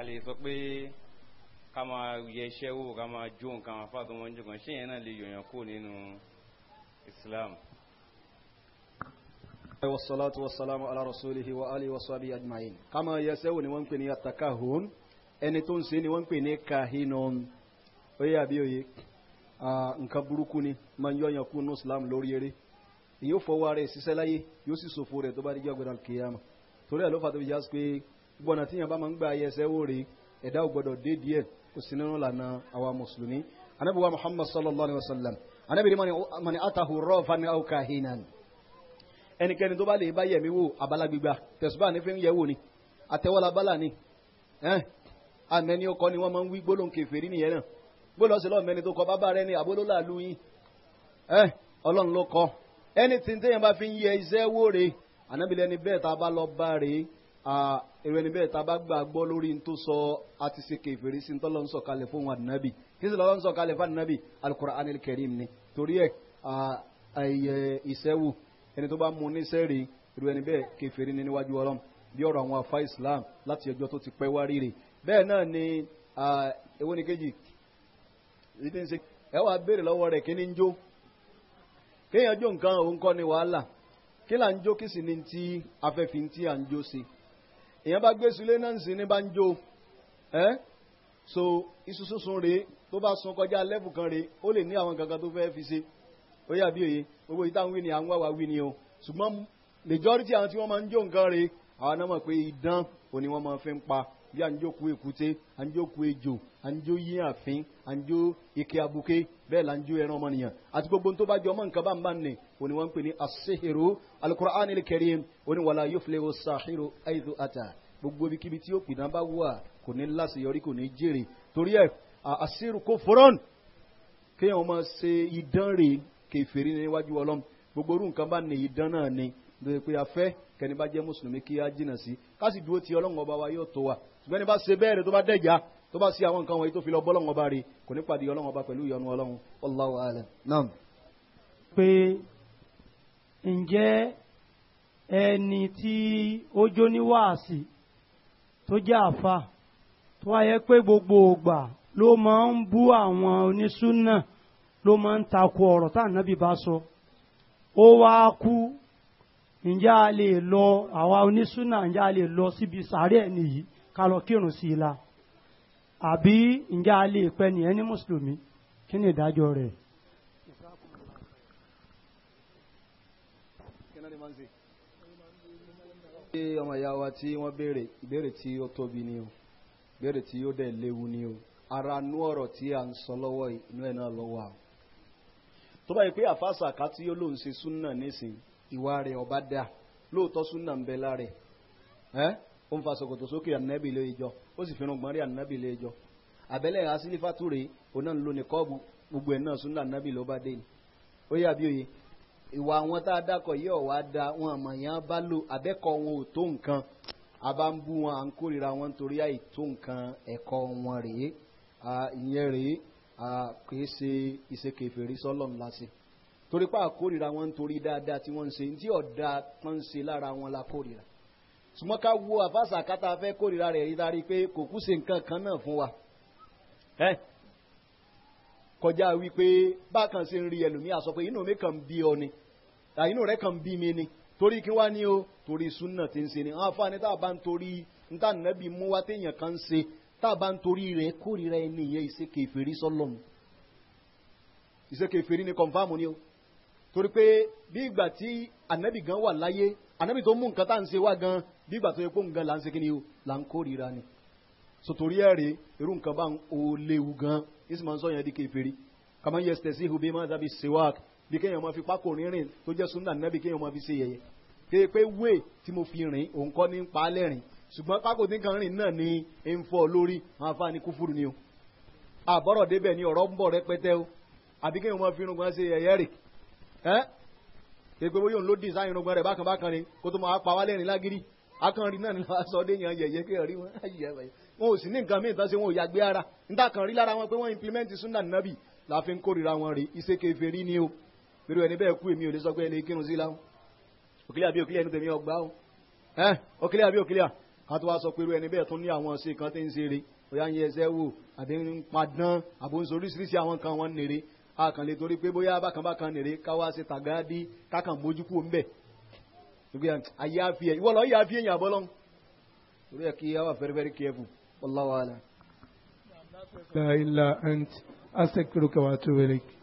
a lè sọ pé ká máa yẹ iṣẹ́ wò ká máa jó nǹkan àwọn afáàtọ́ wọn jù kan ṣé yẹn náà lè yọ̀yàn kó nínú islam. والصلاة والسلام على رسوله وآله وصحبه أجمعين كما يسون وانكني التكهن ẹni tó ń se ni wọ́n ń pè ní kahinon oyè àbí oyè nǹkan burúkú ni máa ń yọyàn kú ní islam lórí eré èyí ó fọwọ́ ara ẹ̀ ṣiṣẹ́ láyé yóò sì ṣòfò rẹ̀ tó bá rí jẹ́ ọ̀gbẹ́dàn kìyàmù torí ẹ̀ ló fà tó fi já gbọ̀nà tíyàn bá máa ń gba ayẹsẹ̀ wò rè ẹ̀dá ò gbọ́dọ̀ dé díẹ̀ kò sí nínú lànà àwa mùsùlùmí anabi muhammad sallallahu alayhi wa sallam anabi ni mani atahu rọ́ọ̀fani aw kahinan ẹnikẹ́ni tó bá lè bá yẹ̀mí wò abala gbígbà tẹ̀sùbá ní fi ń yẹ̀ wò ni àtẹ̀wọ́lá bala ni àmẹ́ni ọkọ ni wọ́n máa ń wí gbólóhùn kèfèrí nìyẹn náà gbólóhùn sí lọ́ọ̀mẹ́ni ni àbólólà lu yín ọlọ́run ló kọ ẹni tí ń tẹ́yìn bá fi ń yẹ iṣẹ́ wò èrò ẹni bẹ́ẹ̀ ta bá gbàgbọ́ lórí tó sọ àti ṣe kèfèrí sí tọ́lọ́ ń sọ kalẹ̀ fún wa nàbì kí sì lọ́wọ́ ń sọ kalẹ̀ fún nàbì alukur'anil karim ni torí ẹ̀ ìṣẹ́wù ẹni tó bá mú níṣẹ́ rí èrò ẹni bẹ́ẹ̀ kèfèrí ni níwájú ọlọ́m bí ọ̀rọ̀ àwọn afa islam láti ọjọ́ tó ti pẹ́ wá rírè bẹ́ẹ̀ náà ni èwo ni kejì ẹ wàá béèrè lọ́wọ́ rẹ̀ kí ni ń kéèyàn jó nǹkan òun kọ́ ni wàhálà kí là ń jó kí sì ni ti afẹ́fin tí à ń jó sí i èèyàn bá gbé sílé náà sí ní bá ń so iṣu sunsun rèé tó bá sun kọjá lẹ́bù kan rèé ó lè ní àwọn kankan tó fẹ́ fi ṣe ó yà bí òye gbogbo ìta ń wí ni à ń wá wa wí ni o ṣùgbọ́n majority àwọn tí wọ́n máa ń jó nǹkan rèé àwọn náà mọ̀ pé idán òní wọ́n máa fi ń pa bí anjókòó èkúté anjókòó ejò anjó yí àfin anjó ike abuké bẹ́ẹ̀ la anjó ẹran ọmọnìyàn àti gbogbo tó bá jọ ọmọ nǹkan bá ń bá nì òní wọ́n pè ní asehiru alukur'an ilkẹrim òní wàlá yóò filẹ̀ sahiru aidu ata gbogbo ibikíbi tí ó pìdán bá wà kò ní láṣeyọrí kò ní jèrè torí ẹ asiru kò fọrọ́n kéèyàn máa ṣe idán rè kéferì níwájú ọlọ́m gbogbo orú nǹkan bá idán náà ni pé afẹ́ kẹni bá jẹ́ mùsùlùmí kí á jìnà sí ká sì dúró ti ọlọ́run ọba wa yóò tó wa ṣùgbọ́n ẹni bá ṣe bẹ́ẹ̀ rẹ̀ tó bá dẹ̀já tó bá sí àwọn nǹkan wọ̀nyí tó fi lọ bọ́lọ́run ọba rẹ̀ kò ní pàdé ọlọ́run ọba pẹ̀lú ìyọnu ọlọ́run Allahu a'lam. naam. pé ǹjẹ́ ẹni tí ó jó ní wáàsí tó jẹ́ àfa tó wáyé pé gbogbo ògbà ló máa ń bú àwọn onísúnà ló máa ń takò ọ̀rọ̀ tá ànábì ǹjẹ́ a lè lọ àwa onísúnà ǹjẹ́ a lè lọ síbi sàárẹ̀ ẹni yìí ká lọ kírun sí i la àbí ǹjẹ́ a lè pẹ́ nìyẹn ní mùsùlùmí kí ni ìdájọ́ rẹ̀. ṣé ọmọ ìyá wa tí wọ́n béèrè ìbéèrè tí ó tóbi ni o ìbéèrè tí ó dẹ̀ léwu ni o ara nú ọ̀rọ̀ tí à ń sọ lọ́wọ́ inú ẹ̀ náà lọ́wọ́ àwọn. tó bá yẹ pé àfàṣà ká tí ó lóun ṣe súnà nísìnyí ìwà rẹ̀ ọ̀bá dáa lóòótọ́ súnà ń bẹ lára ẹ̀ ó ń fa ṣòkòtò sókè ànábì ilé ìjọ ó sì fẹ́ràn gbọ́nrí ànábì ilé ìjọ àbẹ́lẹ̀ asílífàtú rèé òun náà ń lo nìkọ́ọ̀bù gbogbo ẹ̀ náà súnà ànábì ló bá dé ni ó yà bí òye ìwà àwọn tá a dákọ̀ yìí ọ̀wá da wọn àmọ̀yàn bá lò àbẹ́kọ̀ wọn ò tó nǹkan àbá ń bú wọn à ń kórìíra wọn nítorí àìtó nǹkan ẹ̀kọ́ wọn rèé ìyẹn rèé kìí ṣe ìṣekèfèrí sọ́lọ́m lásìkò torí pa àkórìíra wọn ń torí dáadáa tí wọ́n ń ṣe tí ọ̀dà kan ṣe lára wọn la kórìíra sùmọ́ ká wo àfàṣà kátà fẹ́ kórìíra rẹ̀ rí dárí pé kò kú ṣe nǹkan kan náà fún wa ẹ kọjá wípé bákan ṣe ń rí ẹlòmíà sọ pé inú mi kàn bí ọ ni àyínú rẹ kàn bí mi ni torí kí wá ní o torí súnà tí ń ṣe ni àwọn afáàní tá a bá ń torí níta nàbí mú wá téèyàn kan ṣe tá a bá ń torí rẹ kórìíra ẹni ìyẹn ìṣe kèfèrí sọlọmù ìṣe kèfèrí ni kọ̀ǹfàmù ni o torí pé bí ìgbà tí ànábì gan wà láyé ànábì tó mú nǹkan tá à ń ṣe wá gan bí ìgbà tó yẹ kó nǹkan là ń ṣe kí ni o là ń kórìíra ni sotori ẹ̀rẹ̀ irú nǹkan bá ń o léwu gan isi máa ń sọ yẹn di kèfèrí kàmá yẹ stẹ̀sí ihu bí máa dábì sewak bí kéèyàn máa fi pákó rínrìn tó jẹ́ sunna ànábì kéèyàn máa fi ṣe yẹyẹ kéè pé wé tí mo fi rìn òun ní pa á ṣùgbọ́n pákó tí kan rìn náà ni ń fọ́ lórí máa fa ni kúfúrú ni o àbọ̀rọ̀ débẹ̀ ni ọ̀rọ̀ ń bọ̀ rẹpẹtẹ o àbí kéèyàn máa fi irun gan ṣe yẹyẹ rè ẹ́ pépé bóyá òun ló design irungbọn rẹ̀ bákan bákan ni kó tó máa pa wá lẹ́rìn lágírí akànrí náà ni wàá sọ déyàn yẹ̀yẹ́ kí ọ̀rí wọn ayẹyẹ wọn ò sí ní nǹkan míì tán ṣe wọn ò yàgbé ara níta kàn rí lára wọn pé wọ́n implement sunna nabi la fi ń kórira wọn rè iṣẹ́ kẹfẹ́rí ni o mẹ́rin ẹni bẹ́ẹ̀ kú èmi ò lè sọ pé ẹni kírun sí láwọn òkìlẹ̀ àbí òkìlẹ̀ ẹni tèmi ọgbà o ẹ́ òkìlẹ̀ àbí òkìlẹ̀ ká tó wá sọ pé irú ẹni bẹ́ẹ̀ tún ní àwọn ṣe kan tí ń ṣe rè bóyá ń yẹ ẹsẹ̀ wò àbí ń padán àbí ń àwọn kan wọn nèrè akànlè torí pé bóyá bákanbákan nìre káwá ṣe tàgádí kákan mójú kúrò ńbẹ ayé àfi ẹ ìwọ lọ àfi ẹyìn àbọlọ torí ẹ kí ẹ wà very very careful wallahu alam. la ilaha ant astaghfiruka wa atubu